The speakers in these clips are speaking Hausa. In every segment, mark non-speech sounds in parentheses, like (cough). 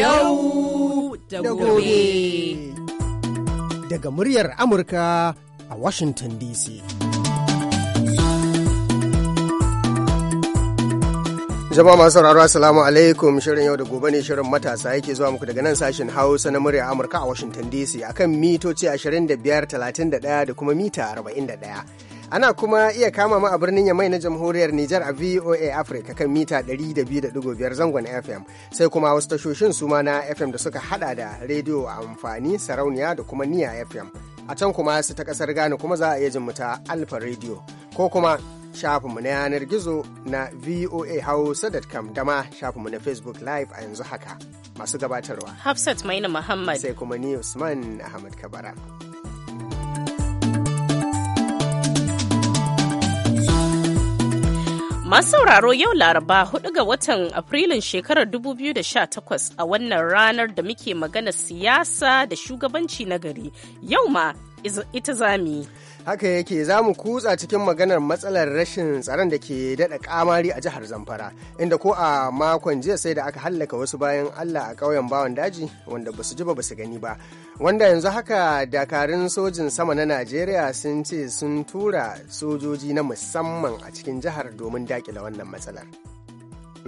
yau da gobe. Daga muryar Amurka a Washington DC. Jama'a masu sauraro Assalamu alaikum shirin yau da gobe ne shirin matasa yake zuwa muku daga nan sashen Hausa na murya Amurka a Washington DC akan mitoci 25, 31 da kuma mita 41. Ana kuma iya kama mu a birnin Yamai na Jamhuriyar Nijar a VOA Africa kan mita 102.5 zangon FM. Sai kuma wasu tashoshin suma na FM da suka hada da rediyo a amfani, sarauniya da kuma niya FM. A can kuma su ta kasar Ghana kuma za a iya jin ta Alfa Radio ko kuma shafinmu na yanar gizo na voa hausa.com da ma shafinmu na facebook live a yanzu haka masu gabatarwa hafsat maina muhammad sai kuma ni usman ahmad kabara Masu sauraro yau Laraba 4 ga watan Afrilun shekarar 2018 a wannan ranar da muke magana siyasa da shugabanci na gari. Yau ma ita zami. haka yake za mu kutsa cikin maganar matsalar rashin tsaron da ke daɗa kamari a jihar zamfara inda ko a makon jiya sai da aka hallaka wasu bayan allah a ƙauyen bawan daji wanda basu ji ba basu gani ba wanda yanzu haka dakarun sojin sama na najeriya sun ce sun tura sojoji na musamman a cikin jihar domin daƙile wannan matsalar.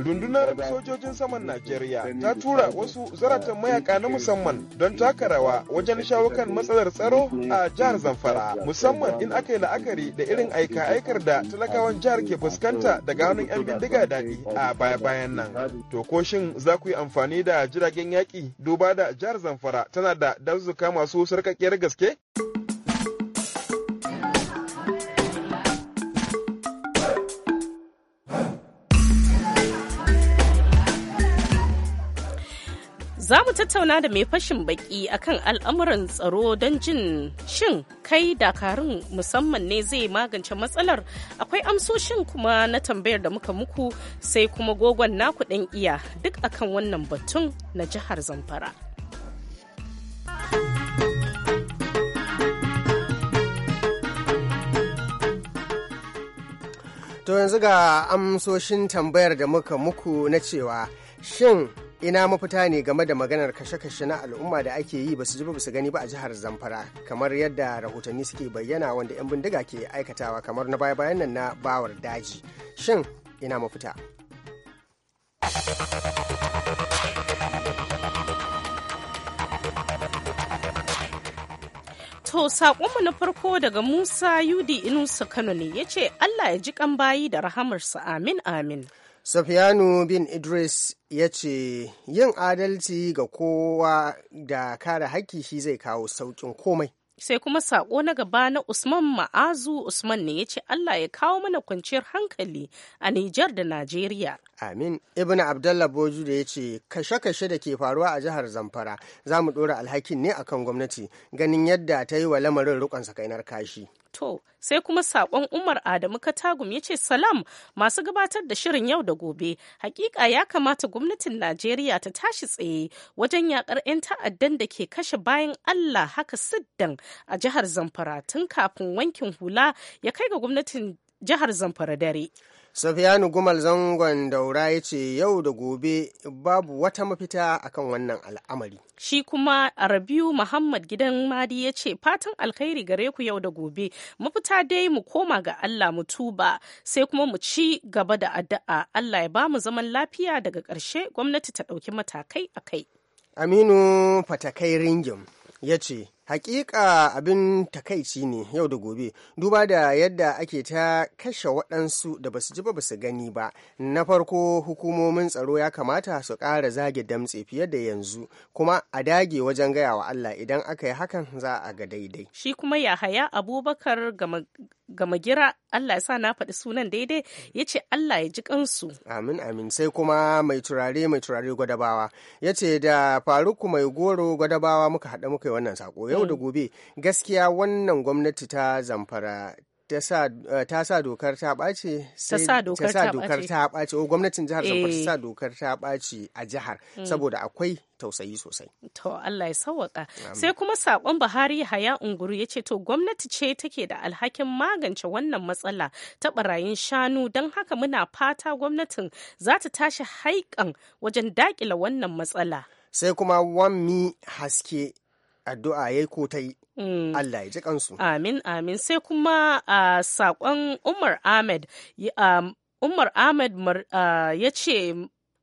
rundunar sojojin saman najeriya ta tura wasu zaratan mayaka na musamman don taka rawa wajen shawo kan matsalar tsaro a jihar zamfara musamman in aka yi la'akari da irin aika-aikar da talakawan jihar ke fuskanta daga hannun 'yan bindiga daɗi a baya-bayan nan to ko shin za ku yi amfani da jiragen yaƙi duba da jihar zamfara tana da dazuka masu sarkakkiyar gaske? Za mu tattauna da mai fashin baki akan al'amuran tsaro don jin shin kai dakarun musamman ne zai magance matsalar akwai amsoshin kuma na tambayar da muka muku sai kuma gogon naku ɗan iya duk akan wannan batun na jihar Zamfara. To yanzu ga amsoshin tambayar da muka muku na cewa shin ina mafita ne game da maganar kashe-kashe na al'umma da ake yi ba su ji ba su gani ba a jihar zamfara kamar yadda rahotanni suke bayyana wanda 'yan bindiga ke aikatawa kamar na baya-bayan nan na bawar daji shin ina mafita To saƙonmu na farko daga Musa Yudi Inusa Kano ne ya ce Allah ya ji kan bayi da rahamarsa amin amin. Safiyanu bin Idris ya ce yin adalci ga kowa da kare haƙƙi shi zai kawo sauƙin komai. Sai kuma saƙo na gaba na Usman Ma'azu Usman ne ya ce Allah ya kawo mana kwanciyar hankali a Nijar da Najeriya. Amin. Ibn Abdallah Boju da ya ce kashe-kashe da ke faruwa a jihar Zamfara za mu ɗora alhakin ne a kan gwamnati ganin yadda ta yi wa lamarin rukon sakainar kashi. To, sai kuma sakon Umar Adamu Katagum ya ce salam masu gabatar da shirin yau da gobe. Hakika ya kamata gwamnatin Najeriya ta tashi tsaye wajen yakar 'yan ta'addan da ke kashe bayan Allah haka siddan a jihar Zamfara tun kafin wankin hula ya kai ga gwamnatin jihar Zamfara dare. Safiyanu Gumal zangon daura ya ce yau da gobe babu wata mafita akan wannan al'amari. Shi kuma Rabiu Muhammad gidan Madi ya ce fatan alkhairi gare ku yau da gobe mafita dai mu koma ga Allah mu tuba sai kuma mu ci gaba da addu'a Allah ya ba mu zaman lafiya daga ƙarshe gwamnati ta ɗauki matakai akai. Aminu Fatakai Ringim ya ce hakika abin takaici ne yau da gobe duba da yadda ake ta kashe waɗansu da basu ji ba basu gani ba na farko hukumomin tsaro ya kamata su ƙara zage damtse fiye da yanzu kuma a dage wajen gaya wa Allah idan aka yi hakan za a ga daidai shi kuma Yahaya Abubakar gama gira Allah ya sa na faɗi sunan daidai ya ce Allah ya ji kansu amin amin sai kuma mai turare mai turare gwadabawa ya ce da faruku mai goro gwadabawa muka haɗa muka yi wannan yau yau da mm. gobe gaskiya wannan gwamnati ta zamfara ta sa dokar ta ɓace ta sa dokar ta ɓace o oh, gwamnatin jihar zamfara ta sa eh. dokar ta ɓace a jihar mm. saboda akwai tausayi sosai to Allah ya sawwaka sai kuma sakon Buhari Haya Unguru ya ce to gwamnati ce take da alhakin magance wannan matsala ta barayin shanu don haka muna fata gwamnatin za ta tashi haikan wajen dakila wannan matsala sai kuma wammi haske addu'a yi ko ta yi mm. Allah ya ji kansu amin amin sai kuma a sakon Umar Ahmed um, Umar Ahmed ya ce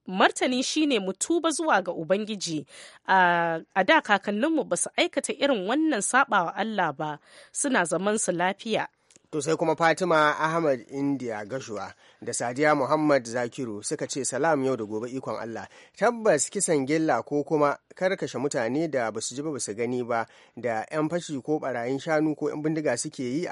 martani shine mu tuba zuwa ga ubangiji a da kakanninmu ba su aikata irin wannan wa Allah ba suna zamansu lafiya to sai kuma Fatima Ahmad India Gashuwa da sadiya muhammad zakiru suka ce salam yau da gobe ikon allah tabbas kisan gilla ko kuma karkashe mutane da basu ji ba su gani ba da 'yan fashi ko barayin shanu ko 'yan bindiga suke yi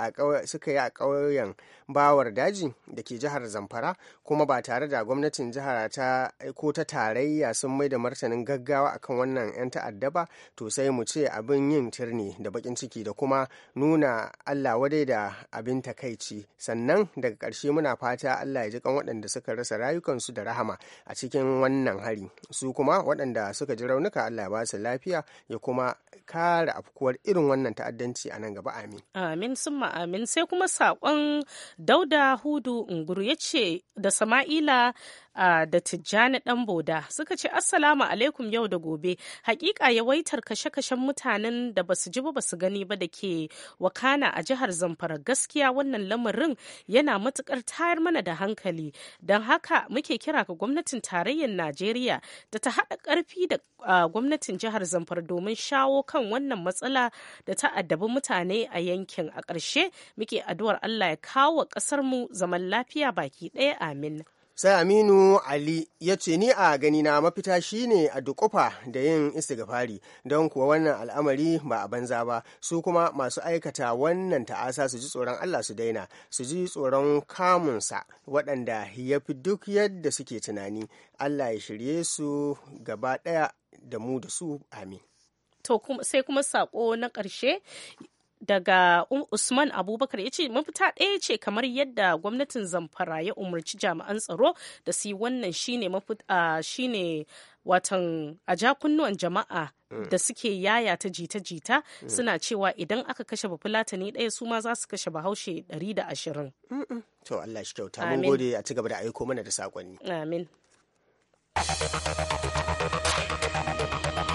suka yi a ƙauyen bawar daji da ke jihar zamfara kuma ba tare da gwamnatin jihar ta ko ta tarayya sun mai da martanin gaggawa akan wannan 'yan ta'adda ba to sai mu ce abin yin tirni da bakin ciki da kuma nuna allah wadai da abin takaici sannan daga ƙarshe muna fata allah Allah ya ji kan waɗanda suka rasa rayukansu da rahama a cikin wannan hari su kuma waɗanda suka ji raunuka Allah ya ba su lafiya ya kuma kare afkuwar irin wannan ta'addanci a nan gaba amin amin summa amin sai kuma saƙon dauda hudu unguru ya ce da sama'ila uh, da Tijjani Dan Boda suka ce Assalamu alaikum yau da gobe. Hakika yawaitar kashe-kashen mutanen da basu ji ba basu gani ba da ke wakana a jihar Zamfara gaskiya wannan lamarin yana matukar tayar mana da hankali. Don haka muke kira ga gwamnatin tarayyar Najeriya da ta haɗa ƙarfi da uh, gwamnatin jihar Zamfara domin shawo kan wannan matsala da ta addabi mutane a yankin. A ƙarshe muke addu'ar Allah ya kawo ƙasarmu zaman lafiya baki ɗaya amin. sai aminu ali ya ce ni a ganina mafita shine a dukufa da yin istigafari don kuwa wannan al'amari ba a banza ba su kuma masu aikata wannan ta'asa su ji tsoron allah su daina su ji tsoron kamunsa waɗanda ya fi duk yadda suke tunani allah ya shirye su gaba ɗaya da mu da su amin to sai kuma sako na ƙarshe daga umm Usman Abubakar ya ce mafita ɗaya ce kamar yadda gwamnatin Zamfara ya umarci jami'an tsaro da su yi wannan shine mafita shine watan a jakunnuwan jama'a mm. da suke yaya ta jita-jita mm. suna cewa idan aka kashe bafulatani ɗaya su ma za su kashe bahaushe 120. To Allah shi kyauta mun gode a ci gaba da aiko mana da saƙonni. Amin. (laughs)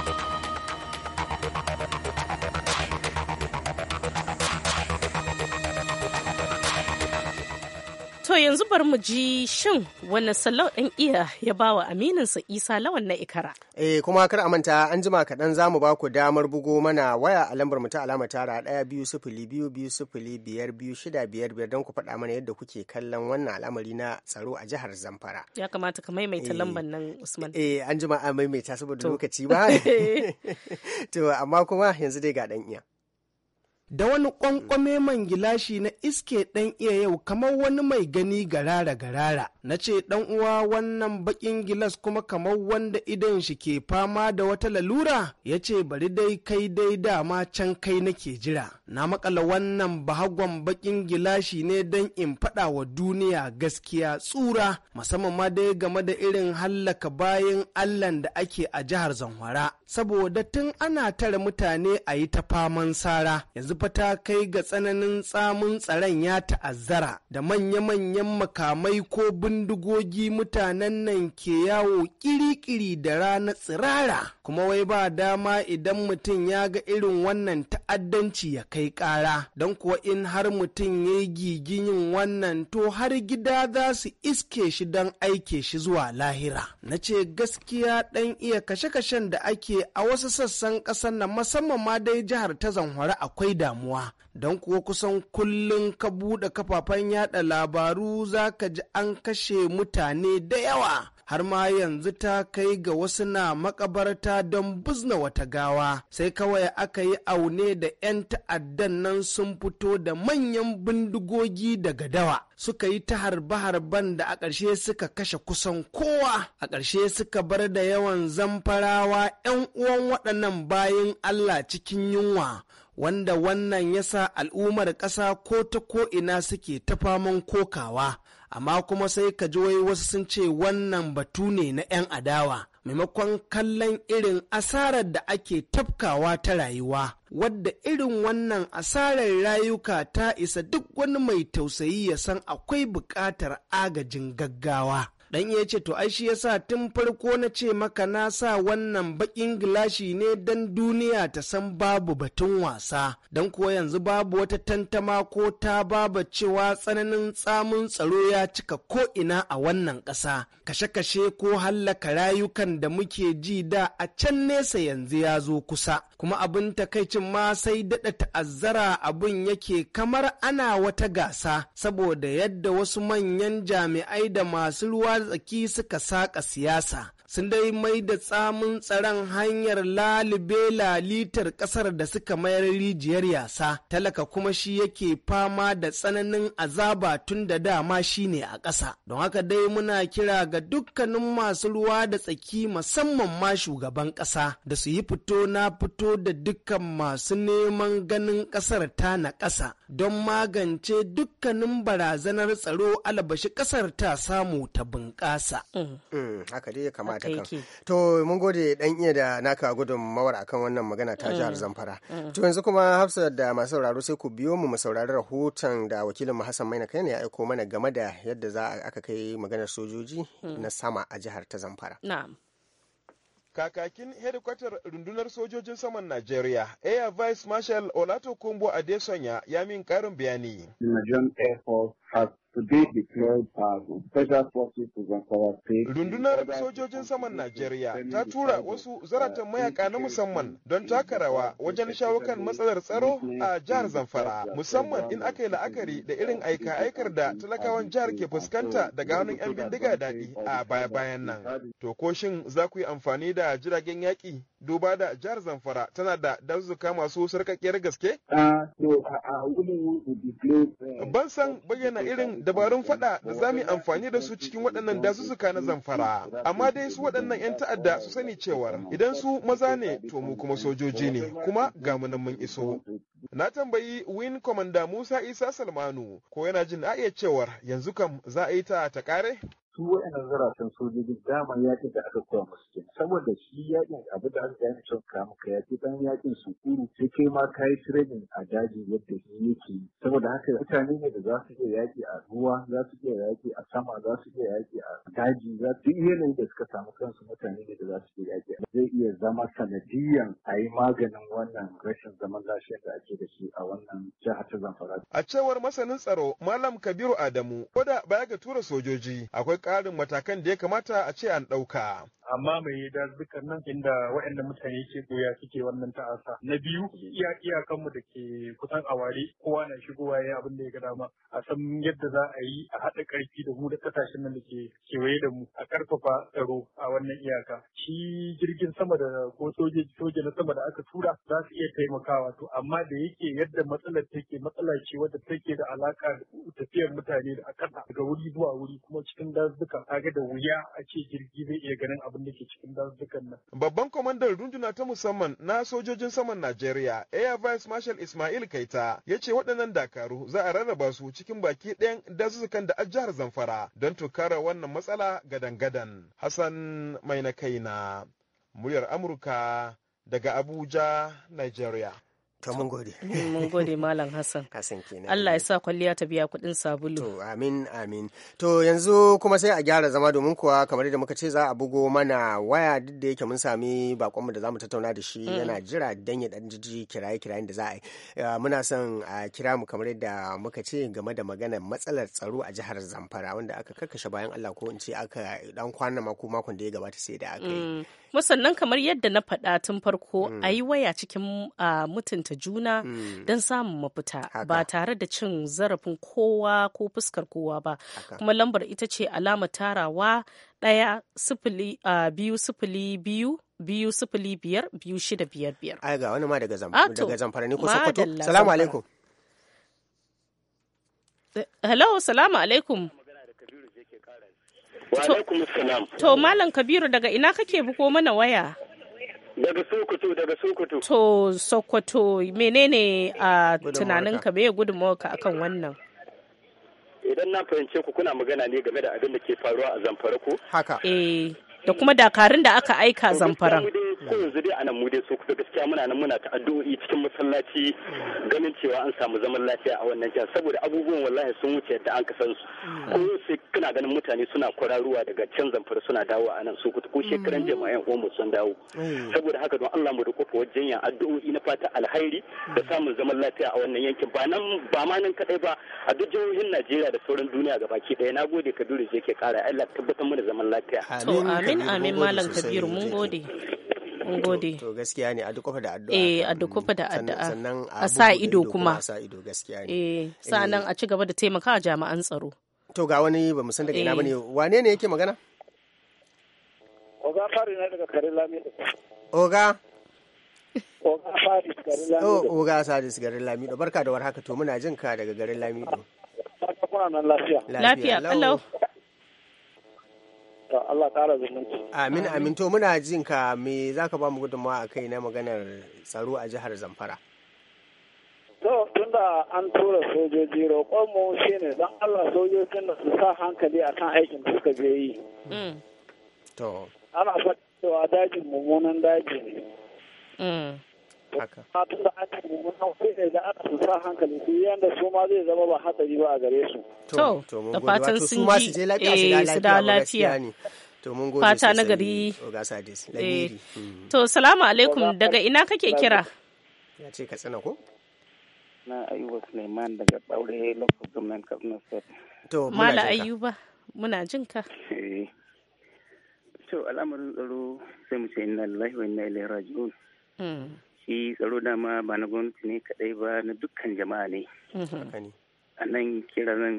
To yanzu bari mu ji shin wani salo ɗan iya ya ba wa aminansa isa lawan na ikara. Eh kuma kar a manta an jima kaɗan za mu ba ku damar bugo mana waya a lambar ta alama tara ɗaya biyu sifili biyu biyu sifili biyar biyu shida biyar biyar don ku faɗa mana yadda kuke kallon wannan al'amari na tsaro a jihar Zamfara. Ya kamata ka maimaita eh, lambar nan Usman. Eh an jima a maimaita saboda lokaci ba. (laughs) (laughs) To amma kuma yanzu dai ga ɗan iya. da wani kwankwame man gilashi na iske ɗan iya yau kamar wani mai gani garara garara na ce ɗan uwa wannan baƙin gilas kuma kamar wanda idon shi ke fama da wata lalura ya ce bari dai kai dai dama can kai nake jira na makala wannan bahagon baƙin gilashi ne don in faɗa wa duniya gaskiya tsura musamman ma dai game da irin hallaka bayan allan da ake a jihar zamfara saboda tun ana tara mutane a yi ta faman sara yanzu fa ta kai ga tsananin tsamin tsaron ya ta'azzara da manya-manyan makamai ko bindigogi mutanen nan ke yawo kiri-kiri da rana tsirara kuma wai ba dama idan mutum ya ga irin wannan ta'addanci ya kai ƙara don kuwa in har mutum ya yi gigin yin wannan to har gida za su iske shi don aike shi zuwa lahira na ce gaskiya ɗan iya kashe-kashen da ake a wasu sassan ƙasar na musamman ma dai jihar ta zanhwara akwai damuwa don kuwa kusan kullum ka buɗe kafafen yaɗa labaru za ka ji an kashe mutane da yawa har ma yanzu ta kai ga wasu na makabarta don buzna wata gawa sai kawai aka yi aune da 'yan ta'addan nan sun fito da manyan bindigogi daga dawa suka yi ta harbe-harben da a ƙarshe suka kashe kusan kowa a ƙarshe suka bar da yawan zamfarawa 'yan uwan waɗannan bayan Allah cikin yunwa wanda wannan ya sa al'ummar ƙasa ko ta ko'ina suke ta faman kokawa amma kuma sai ka ji wai wasu sun ce wannan batu ne na 'yan adawa maimakon kallon irin asarar da ake tafkawa ta rayuwa wadda irin wannan asarar rayuka ta isa duk wani mai tausayi ya san akwai buƙatar agajin gaggawa dan ya ce to ai shi yasa tun farko na ce maka na sa wannan bakin gilashi ne dan duniya ta san babu batun wasa dan ko yanzu babu wata tantama ko ta baba cewa tsananin tsamun tsaro ya cika ko ina a wannan ƙasa kashe-kashe ko hallaka rayukan da muke ji da a can nesa yanzu ya zo kusa kuma abin takaicin ma sai daɗa ta'azzara abin yake kamar ana wata gasa saboda yadda wasu manyan jami'ai da masu ruwa arziki suka saƙa siyasa sun dai mai da tsamin tsaron hanyar lalibe lalitar ƙasar da suka mayar rijiyar yasa talaka kuma shi yake fama da tsananin azaba tun da dama shi ne a ƙasa don haka dai muna kira ga dukkanin masu ruwa da tsaki musamman ma shugaban ƙasa da su yi fito na fito da dukkan masu neman ganin ƙasar ta na ƙasa don magance dukkanin barazanar tsaro albashi ƙasar ta samu ta bunƙasa. Mm. Mm, haka to mun gode dan iya da naka mawar akan wannan magana ta jihar mm. Zamfara mm. to yanzu kuma hafsa da masu sauraro sai ku biyo mu mu saurari rahoton da wakilin mu Hassan Maina kai ne ya aiko mana game da yadda za aka kai maganar sojoji mm. na sama a jihar ta Zamfara kakakin hedikwatar rundunar sojojin saman Najeriya, Air Vice Marshal Olato Kumbo Adesanya ya min karin bayani. The Nigerian Air Force has Rundunar sojojin saman Najeriya ta tura wasu uh, zaratan mayaka na musamman don taka rawa wajen shawo kan matsalar tsaro a jihar Zamfara, musamman in aka yi la'akari da irin aika-aikar da talakawan jihar ke fuskanta daga hannun 'yan bindiga daɗi a baya-bayan nan. To ko shin za ku yi amfani da jiragen yaƙi duba da jihar Zamfara tana da dazuka masu sarkakkiyar gaske? Ah, eh, Ban san bayyana irin dabarun faɗa da za mu amfani da su cikin waɗannan dazuzzuka na Zamfara, amma dai su waɗannan 'yan ta'adda su sani cewar idan su maza ne to mu kuma sojoji ne kuma ga mu mun iso. Na tambayi Win Commander Musa Isa Salmanu ko yana jin a cewar yanzu kam za a yi ta ta kare? su wa'annan zaratan sojojin dama yaƙi da aka koya musu ke saboda shi yaƙin abu da aka gane cewa ka maka yaƙi dan yaƙin su kuru sai kai ma ka yi training a daji yadda shi yake saboda haka mutane ne da za su iya yaƙi a ruwa za su iya yaƙi a sama za su iya yaƙi a daji za su iya da suka samu kansu mutane ne da za su iya yaƙi zai iya zama sanadiyan a yi maganin wannan rashin zaman lafiya da ake da shi a wannan jihar ta zamfara. A cewar masanin tsaro Malam Kabiru Adamu, ko da baya ga tura sojoji akwai ƙarin matakan da ya kamata a ce an ɗauka amma mai dazukan nan inda waɗannan mutane ke goya suke wannan ta'asa na biyu iya iyakanmu da ke kusan aware kowa na shigowa ya abin da ya ga dama a san yadda za a yi a haɗa ƙarfi da mu da ƙasashen nan da ke kewaye da mu a ƙarfafa tsaro a wannan iyaka shi jirgin sama da ko sojoji soja na sama da aka tura za su iya taimakawa to amma da yake yadda matsalar take matsala ce wadda take da alaka da tafiyar mutane da a ƙasa daga wuri zuwa wuri kuma cikin dazuka kaga da wuya a ce jirgi zai iya ganin abin abin da ke cikin dazukan nan. Babban kwamandan runduna ta musamman na sojojin saman Najeriya Air Vice Marshal Ismail Kaita ya ce waɗannan dakaru za a rarraba su cikin baki ɗayan dazukan da ajihar Zamfara don tukara wannan matsala gadan-gadan. Hassan Mai na kaina, muryar Amurka daga Abuja, Nigeria. To mun gode. (laughs) Mun gode Malam Hassan. Hassan kenan. Allah ya sa kwalliya ta biya kuɗin sabulu. To amin amin. To yanzu kuma sai a gyara zama domin kuwa kamar yadda muka ce za a bugo mana waya duk da yake mun sami bakonmu da zamu tattauna da shi yana mm. jira dan ya dan jiji kiraye kirayen da za a yi. Muna son a kira mu kamar yadda muka ce game da magana matsalar tsaro a jihar Zamfara wanda aka karkashe bayan Allah ko in ce aka dan kwana mako makon da ya gabata sai da aka yi. Mm. kuma sannan kamar yadda na faɗa tun farko a mm. yi waya cikin mutunta juna mm. don samun mafita ba tare da cin zarafin kowa ko fuskar kowa ba kuma lambar ita ce alama tarawa ɗaya sifili biyu sifili biyu biyu sifili biyar biyu shida biyar biyar. Ai ga wani ma daga ah, zamfara ne ko Sokoto. Salamu alaikum. Eh, hello, salamu alaikum. To Malam Kabiru daga ina kake buko mana waya? Daga Sokoto, daga Sokoto. To Sokoto menene a tunaninka me gudunmawarka akan wannan? Idan na fahimce ku kuna magana ne game da abin da ke faruwa a Zamfara ko? Haka. Eh, da kuma dakarun da aka aika Zamfara. ko yanzu dai anan mu dai so kusa gaskiya muna nan muna ta addu'o'i cikin masallaci ganin cewa an samu zaman lafiya a wannan jihar saboda abubuwan wallahi sun wuce yadda an kasan su ko sai kana ganin mutane suna kwararuwa daga can zamfara suna dawo a nan sokoto ko shekaran jama'an omo sun dawo mm. saboda haka don Allah mu da kofa wajen yan addu'o'i na fata alhairi da samun zaman lafiya a wannan yankin ba nan ba ma nan kadai ba a duk jihohin Najeriya da sauran duniya gabaki daya na gode Kaduri je ke kara Allah tabbatar mana zaman lafiya to amin amin malam Kabiru mun gode mun gode to da addu'a eh a da addu'a sannan a eh, ci gaba da taimaka jami'an tsaro ga wani ba mu daga ina eh. bane wane ne yake magana oga fari na daga kare lami oga oga fari garin lami oh, oga sadis garin lami barka da warhaka to muna jin ka daga garin lami kuna nan lafiya lafiya Allah ƙara zumunci. Amin amin to muna jin ka me za ka ba mu gudunmawa a kai na maganar tsaro a jihar Zamfara. To tunda an tura sojoji roƙonmu ne don Allah sojojin da su sa hankali a kan aikin da suka je yi. Mm. To. Ana faɗi cewa dajin mummunan daji ne. Mm. tun da zama ba hatsari ba a gare su. To, da fatan sun su da lafiya. Eh, Fata na gari. Eh, mm. To, salamu alaikum daga ina kake kira? Ya ce ka tsina ko? Na Ayuba Suleiman daga Ɓaure Local Government Kaduna State. To, Mala Ayuba, muna jin ka. Eh. To, al'amarin tsaro sai mu ce inna lillahi wa inna ilaihi raji'un. Hmm. shi tsaro dama ba na gwamnati ne kadai ba na dukkan jama'a ne mhm. a nan nan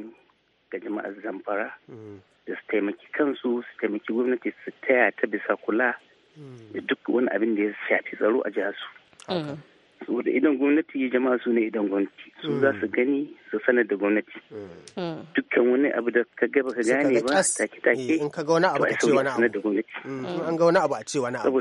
ga jama'ar zamfara mhm. da su taimaki kansu su taimaki gwamnati su taya ta bisa kula mhm. da duk wani abin da ya shafi tsaro a jihar su saboda idan gwamnati jama'a su ne idan gwamnati su za su gani su sanar da gwamnati dukkan wani abu da ka gaba ka gane ba take take eh, in ka ga wani abu ce wani abu mm, mm. in an ga wani abu a ce wani abu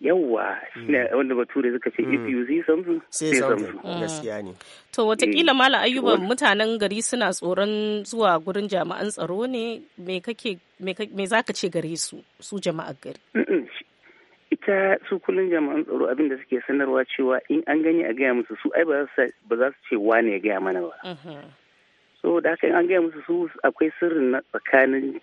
yawwa shine mm. wanda bature suka ce if mm. you see something say something mm. gaskiya ne to watakila eh, mala ayyuba mutanen gari suna tsoron zuwa gurin jami'an tsaro ne me kake me zaka ce gare su su jama'ar gari ita su kullun jami'an tsaro abin da suke sanarwa cewa in an gani a gaya musu su ai ba za su ce wane ya gaya mana ba mm-hmm. so da haka in an gaya musu su akwai sirrin na tsakanin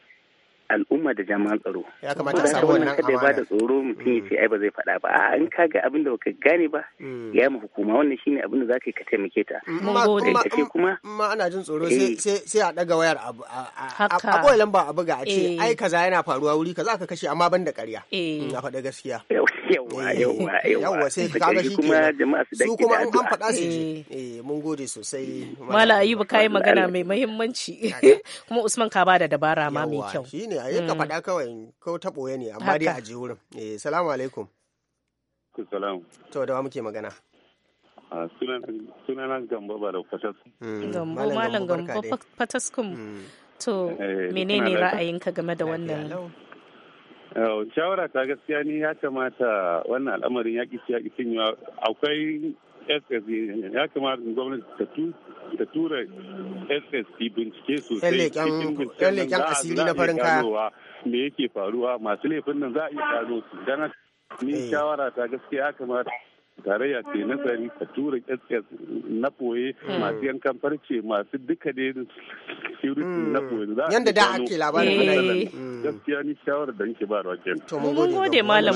al'umma da jami'an tsaro. Ya kamata a samu wannan kada ba da tsoro mm. mutum ya ce ai ba zai faɗa ba. A in ka ga abin da baka gane ba mm. ya mu hukuma wannan shine abin da zaka ka taimake ta. Mm, kuma ma ana jin tsoro eh. sai a daga wayar abu a boye lamba a buga a ce eh. ai kaza yana faruwa wuri kaza ka kashe amma ban da ƙarya. Na eh. faɗa gaskiya. Yawwa yawwa yawwa sai ka ga shi kuma jama'a su dake kuma an faɗa su ji. mun gode sosai. Mala Ayuba kai magana mai muhimmanci (laughs) kuma Usman ka bada dabara ma mai kyau. Shine a yi ka mm. faɗa kawai ko ta ɓoye ne amma dai a ji wurin eh, salamu alaikum salam to da wa muke magana ah, sunanan gamba ba da fataskum mm, gambo malam gambo fataskum mm. to eh, menene ra'ayinka game da wannan shawara ta gaskiya ni ya kamata wannan al'amarin ya yaƙi yaƙi akwai ss ya kamata gwamnati ta tura ssp asiri na farin me yake faruwa masu laifin nan za a eh. ya kamata tarayya ka tura ss na boye hmm. masu yankan farce masu duka hmm. da shirin na boye za yanda da ake labarin muna hmm. gaskiya ni shawara da yake ba rawa gode malam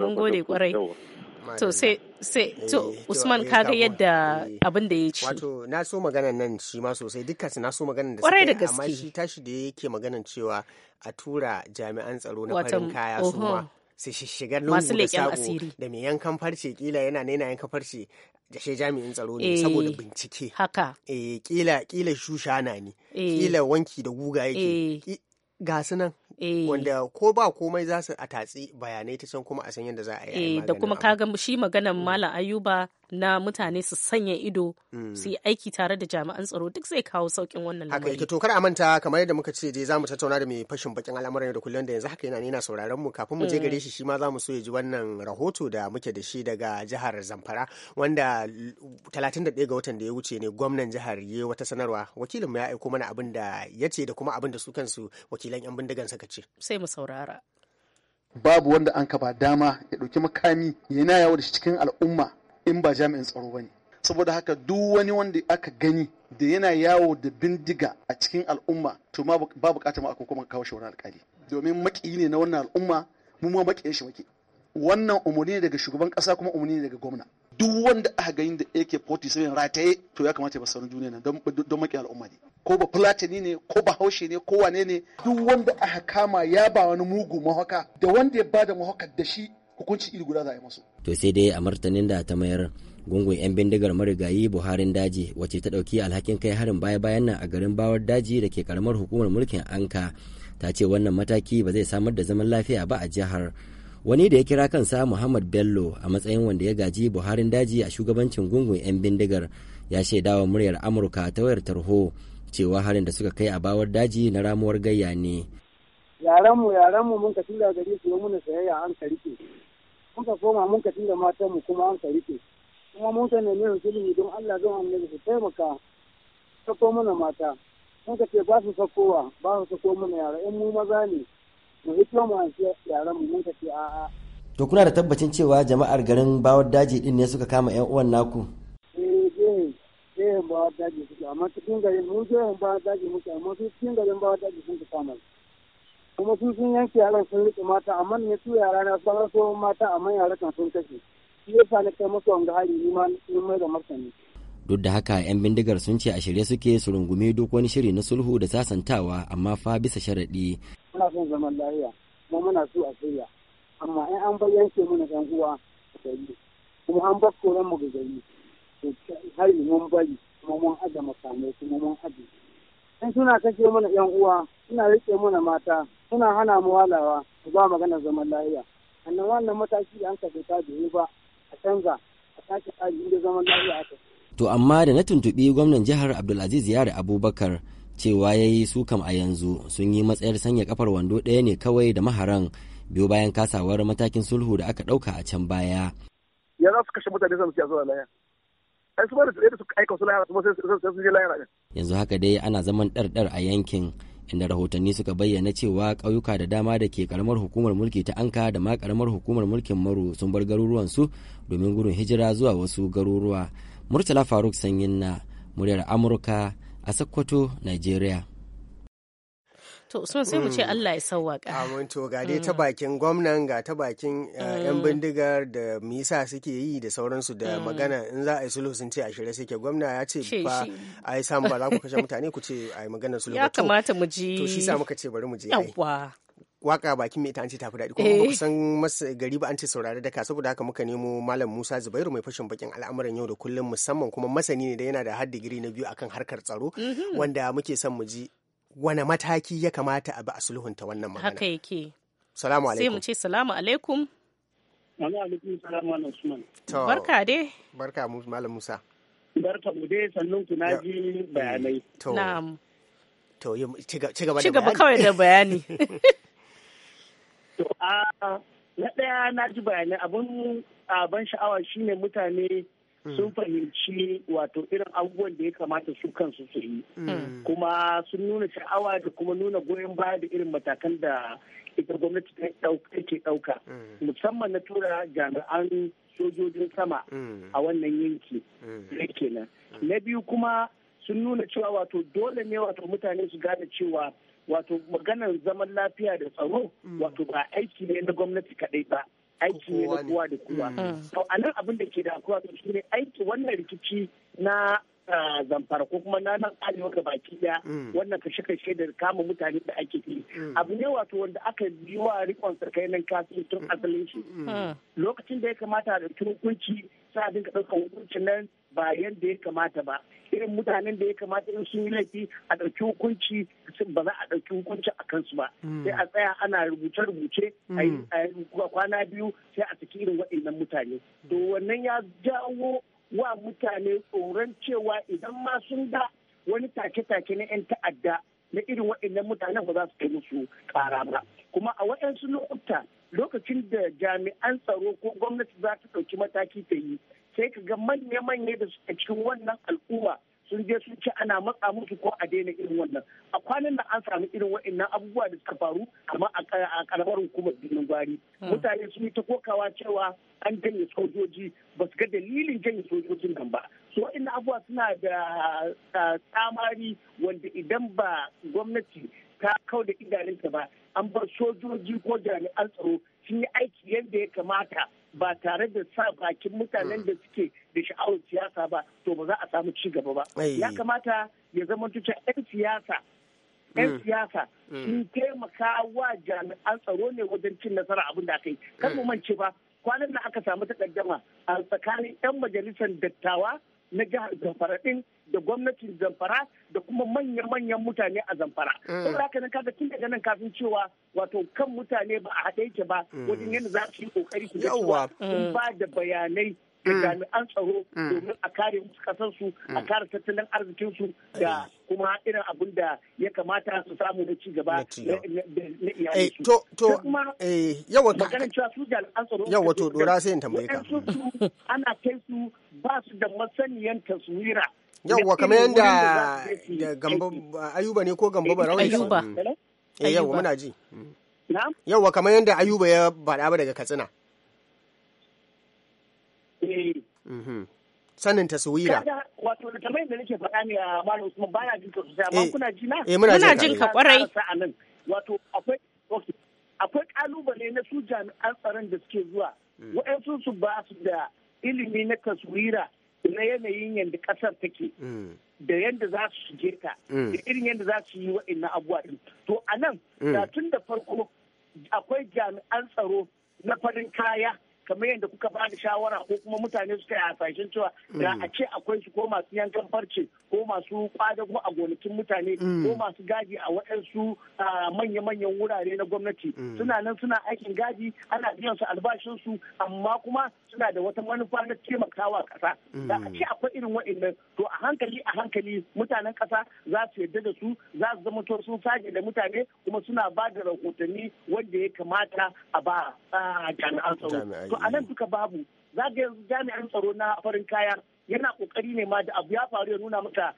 mun gode kwarai to sai sai to eh, usman ga yadda eh, abin da ya ci wato na so magana nan shi ma sosai dukkan su na so magana da sai amma shi tashi da yake magana cewa a tura jami'an tsaro na farin kaya su ma su shigar lungu da sako da mai yankan farce kila yana ne nena yankan farce da shi jami'in tsaro ne eh, saboda bincike haka eh kila kila shushana ne kila wanki da guga yake ga su nan Eh. wanda ko ba komai za su a tatsi bayanai ta san kuma a san yadda za a yi eh, da kuma kaga shi maganan mm. malam ayuba na mutane su sanya ido mm. su yi aiki tare da jami'an tsaro duk zai kawo saukin wannan lamari. Haka ita tokar kar a manta kamar yadda muka ce dai mu tattauna da mai fashin bakin al'amuran da kullum da yanzu haka yana nena sauraron mu kafin mu je mm. gare shi shi ma za mu so ya ji wannan rahoto da muke da shi daga jihar Zamfara wanda 31 ga watan da ya wuce ne gwamnan jihar ya wata sanarwa wakilin mu ya aiko mana abin da ya ce da kuma abin da su kansu wakilan yan bindigan suka ce. Sai mu saurara. Babu wanda an kaba dama ya ɗauki makami yana yawo da shi cikin al'umma in ba jami'in tsaro ba ne saboda haka duk wani wanda aka gani da yana yawo da bindiga a cikin al'umma to ma ba bukatar ma kuma kawo shawarar alƙali. alkali domin maki ne na wannan al'umma mu ma maki shi maki wannan umarni ne daga shugaban kasa kuma umarni ne daga gwamna duk wanda aka gani da AK47 rataye to ya kamata ya sauran duniya na don maki al'umma ne ko ba fulatani ne ko ba haushe ne ko wane ne duk wanda aka kama ya ba wani mugu mahaka da wanda ya bada mahaka da shi hukunci iri guda za a yi masu. To sai dai a martanin da ta mayar gungun 'yan bindigar marigayi Buharin daji wace ta ɗauki alhakin kai harin baya-bayan nan a garin Bawar daji da ke karamar hukumar mulkin Anka ta ce wannan mataki ba zai samar da zaman lafiya ba a jihar. Wani da ya kira kansa Muhammad Bello a matsayin wanda ya gaji Buharin daji a shugabancin gungun 'yan bindigar ya shaidawa muryar Amurka ta wayar tarho cewa harin da suka kai a Bawar daji na ramuwar gayya ne. yaran mu mun ka tura gari su yi sayayya an ka muka koma ka dinga matan mu kuma an ka rike kuma mun ka nemi musulmi don Allah don annabi su taimaka sako mana mata mun ka ce ba su sakowa ba su sako mana yara in mu maza ne mu hito mu an yara mu mun ka ce a'a to kuna da tabbacin cewa jama'ar garin bawar daji din ne suka kama yan uwan naku eh eh eh bawar daji suka amma cikin garin mun je bawar daji muke amma cikin garin bawar daji sun ka kama kuma sun sun yanke yaran sun rike mata amma ne su yara na sun raso mata amma yara kan sun kashe shi yasa na kai musu wanga hari ni ma ni mai da martani duk da haka 'yan bindigar sun ce a shirye suke su rungumi duk wani shiri na sulhu da sasantawa amma fa bisa sharaɗi. muna son zaman lafiya kuma muna so a shirya amma in an bar yanke mana ɗan uwa gari kuma an bar koran mu gari to har mun bari kuma mun aje makamai kuma mun aje in suna kashe mana 'yan uwa suna rike mana mata suna hana mu walawa ba magana zaman lahiya annan wannan mataki da an ka ta biyu ba a canza a sake tsari inda zaman lahiya aka to amma da na tuntuɓi gwamnan jihar abdulaziz yare abubakar cewa ya yi su a yanzu sun yi matsayar sanya kafar wando ɗaya ne kawai da maharan biyu bayan kasawar matakin sulhu da aka ɗauka a can baya. ya za su kashe mutane zama siyasa laya ai su ba da su aika su laya su sai su je laya yanzu haka dai ana zaman ɗarɗar a yankin inda rahotanni suka bayyana cewa ƙauyuka da dama da ke karamar hukumar mulki ta anka da ma karamar hukumar mulkin maru sun bar garuruwansu domin gudun hijira zuwa wasu garuruwa murtala faruk sanyin na muryar amurka a sokoto nigeria To so sai mu ce mm. Allah ya sauwaka. Amin to ga dai ta mm. bakin gwamnan ga ta bakin eh, mm. yan bindigar da misa suke yi da sauransu da magana in za a yi sulhu sun ce a shirye suke gwamna ya ce fa a yi samu ba za ku kashe mutane ku ce a yi magana sulhu Ya kamata mu ji. To shi sa muka ce bari mu je. Yawwa. waka bakin mai ita an ce tafi daɗi kuma ba eh. san masa gari ba an ce saurare daka saboda haka muka nemo malam Musa Zubairu mai fashin bakin al'amuran yau da kullum musamman kuma masani ne da yana da har digiri na biyu akan harkar tsaro mhm. wanda muke son mu ji wane mataki ya kamata a bi a sulhunta wannan magana haka yake salamu alaikum sai mu ce salamu alaikum To. alaikum salamu alaikum barka dai barka malam Musa barka mu dai sannan ku na ji bayanai mm, to na'am to ci gaba da bayani kawai da bayani (laughs) to a na ɗaya na ji bayanai abun sha'awa shine mutane sun fahimci wato irin abubuwan da ya kamata su kansu su yi mm. kuma sun nuna sha'awa da kuma nuna goyon baya da irin matakan da ita gwamnati take ɗauka mm. musamman na tura jami'an sojojin sama mm. a wannan yanki kenan na biyu kuma sun nuna cewa wato dole ne wato mutane su gane cewa wato maganar zaman lafiya da tsaro wato ba aiki ne na gwamnati kaɗai ba aiki ne na kowa da kowa to mm. mm. a nan abin da ke da kowa to shine aiki wannan rikici na ah, zamfara ko kuma na nan arewa ga baki daya mm. wannan kashe kashe da kama mutane da ake yi abu ne wato wanda aka yi wa rikon sarkainan kasu tun asalin shi lokacin da ya kamata a ɗauki hukunci sa a dinga ɗaukan hukuncin nan ba yadda ya kamata ba irin mutanen da ya kamata in sun yi laifi a ɗauki hukunci ba za a ɗauki hukunci a kansu ba hmm. sai a tsaya ana rubuce-rubuce a kwana biyu sai a saki irin waɗannan mutane to wannan ya jawo wa mutane tsoron cewa idan ma sun da wani take-take na 'yan ta'adda na irin waɗannan mutanen ba za su kai musu ƙara ba kuma a waɗansu lokuta lokacin da jami'an tsaro ko gwamnati za ta ɗauki mataki ta yi sai ka ga manya-manya da suka cikin wannan al'umma sun je sun ce ana matsa musu ko a daina irin wannan a kwanan nan an samu irin wa'annan abubuwa da suka faru kamar a karamar hukumar birnin gwari hmm. mutane sun yi ta kokawa cewa an janye sojoji ba su ga dalilin janye sojojin nan ba su wa'annan abubuwa suna da tsamari wanda idan ba gwamnati ta kau da idanunta ba an bar sojoji ko jami'an tsaro sun yi aiki yadda ya kamata ba tare da sa bakin mutanen da suke da sha'awar siyasa ba to ba za a samu ci gaba ba ya kamata ya zama tuce 'yan siyasa 'yan mm. siyasa mm. sun taimaka wa jami'an tsaro ne wajen cin nasara abin da aka yi kan mu mm. mance ba kwanan da aka samu takaddama a tsakanin 'yan majalisar dattawa na jihar zamfara din da gwamnatin zamfara da kuma manya-manyan mutane a zamfara. Mm. Saboda haka nan kaga tun daga nan kafin cewa wato kan mutane ba a haɗe yake ba mm. wajen yadda za su yi ƙoƙari su ga cewa mm. ba da bayanai da mm. an tsaro mm. domin a kare musu a mm. kare tattalin arzikinsu eh. da kuma irin abin da ya kamata su samu na ci gaba na eh, iyalinsu. To, to, yawa ka. Maganin cewa su jami'an tsaro. Yawa to, dora sai in tambaye ka. Ana kai su ba su da masaniyan taswira. Yawa kamar yadda ayuba ne ko gamba barawa. Ayuba. Eh, yawa muna ji. Yawa kamar yadda ayuba ya faɗa ba daga Katsina. Eh. Mhm. sanin taswira wato da kamar da nake faɗa ne a ah, malam Usman jin ka sosai amma eh. kuna ji na eh, muna jin ka kwarai wato akwai akwai kalubale na su jami'an tsaron da suke zuwa mm. Wa'ansu su ba su da ilimi na taswira na yanayin yadda kasar take mm. da yadda za su shige ta da mm. irin yadda za su yi wa'annan abubuwa din to anan, da tun da farko akwai jami'an tsaro na farin kaya kamar yadda kuka ba da shawara ko kuma mutane suka yi hasashen cewa mm. da a ce akwai su ko masu yankan farce ko masu kwadago a gonakin mutane mm. ko masu gadi a waɗansu manya-manyan wurare na gwamnati mm. suna nan suna aikin gadi ana biyan su albashin su amma kuma suna da wata manufa na taimakawa ƙasa da a ce akwai irin waɗannan to a hankali a hankali mutanen ƙasa za su yarda da su za su zama sun sage da mutane kuma suna ba da rahotanni wanda ya kamata a ba jami'an tsaro to a nan duka babu za ga jami'an tsaro na farin kaya yana kokari ne ma da abu ya faru ya nuna maka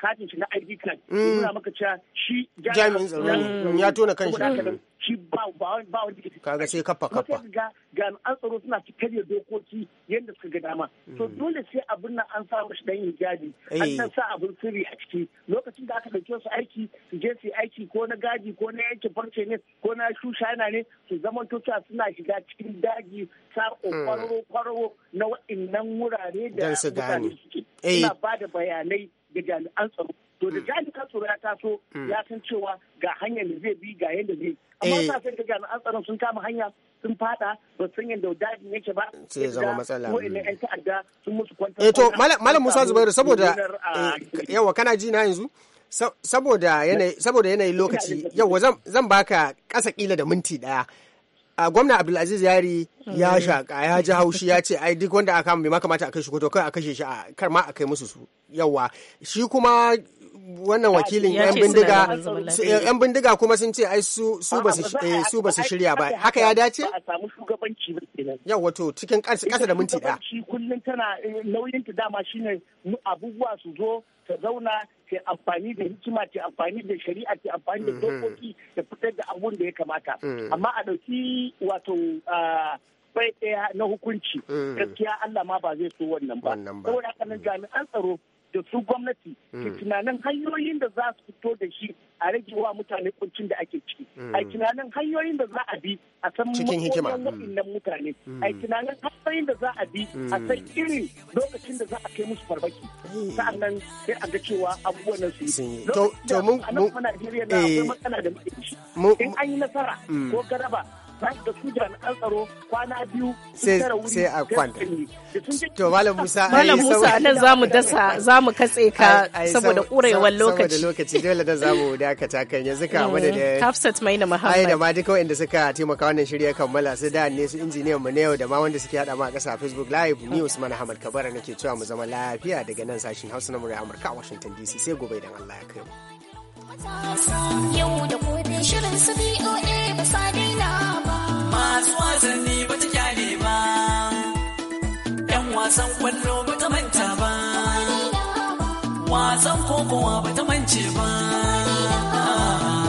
katin shi na ID card mm. nuna maka cewa shi jami'in tsaro mm, ya tona kan shi shi ba ba ba wanda kaga sai kappa kappa ga jami'an tsaro suna cikar da dokoki yadda suka ga dama to mm. dole sai abin nan an samu shi dan hijabi an san eh. sa abin sirri a ciki lokacin da aka dauke su aiki su je su aiki ko na gaji ko na yanke farce ne ko na shushana ne su zama suna shiga cikin daji sako kwararo kwararo na wa'annan wurare da mutane suke eh. suna ba da bayanai ga jami'an tsaro to da mm. jami'an tsaro ya taso mm. ya san cewa ga hanyar da zai bi ga yadda zai amma eh. sa ga jami'an tsaron sun kama hanya sun fada ba san yadda dajin yake ba sai ya zama matsala ko ina yan ta'adda sun musu kwanta eh to malam Musa Zubairu saboda ah, eh, yawa kana ji na yanzu saboda yanayi saboda yanayin lokaci yau zan baka kasa kila da minti daya a gwamna abdulaziz yari ya eh. shaka ya ji haushi ya ce ai duk wanda aka bai makamata kamata a kai shi ko to kai a kashe shi a kar ma a kai musu su yawa shi kuma wannan wakilin yan bindiga kuma sun ce ai su su ba su eh, shirya ba haka ya dace a samu shugabanci ba kenan yawa cikin kasa da minti da. shi kullum tana eh, nauyin ta dama shine abubuwa su zo ta zauna ta amfani da hikima ta amfani da shari'a ta amfani da mm-hmm. dokoki ta fitar da abun da ya kamata mm. amma a ɗauki wato bai ɗaya na hukunci mm. gaskiya Allah ma ba zai so wannan ba saboda haka nan jami'an tsaro da su gwamnati mm. ke tunanin hanyoyin da za su fito da shi a rage wa mutane kuncin da ake ciki mm. a tunanin hanyoyin da za a bi a san mutanen mm. waɗannan mutane a tunanin hanyoyin da za a bi a san irin lokacin da za a kai musu farmaki sa'annan sai a ga cewa abubuwan nan su yi to mun mun Najeriya na akwai eh. matsala da muke in an yi nasara ko garaba za da su jami'an tsaro kwana biyu sai a kwanta to malam musa malam musa nan zamu dasa zamu katse ka saboda kurewar lokaci saboda lokaci dole da zamu dakata kan yanzu ka amana mm, da Hafsat Maina Muhammad ai da ma duka wanda suka taimaka wannan shirya kammala su da ne su injiniyan mu ne yau da ma wanda suke hada ma a kasa Facebook live ni Usman Ahmad Kabara nake cewa mu zama lafiya daga nan sashin Hausa na Amurka a Washington DC sai gobe idan Allah ya kai mu Yau da gobe shirin su BOA ba sa ba. Masu wasanni ba ta kyale ba, ‘yan wasan kwallo ba ta manta ba, wasan kokowa ba ta mance ba.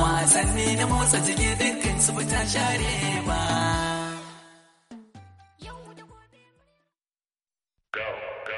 Wasanni na matsa jiki dinkin su ba ta share ba.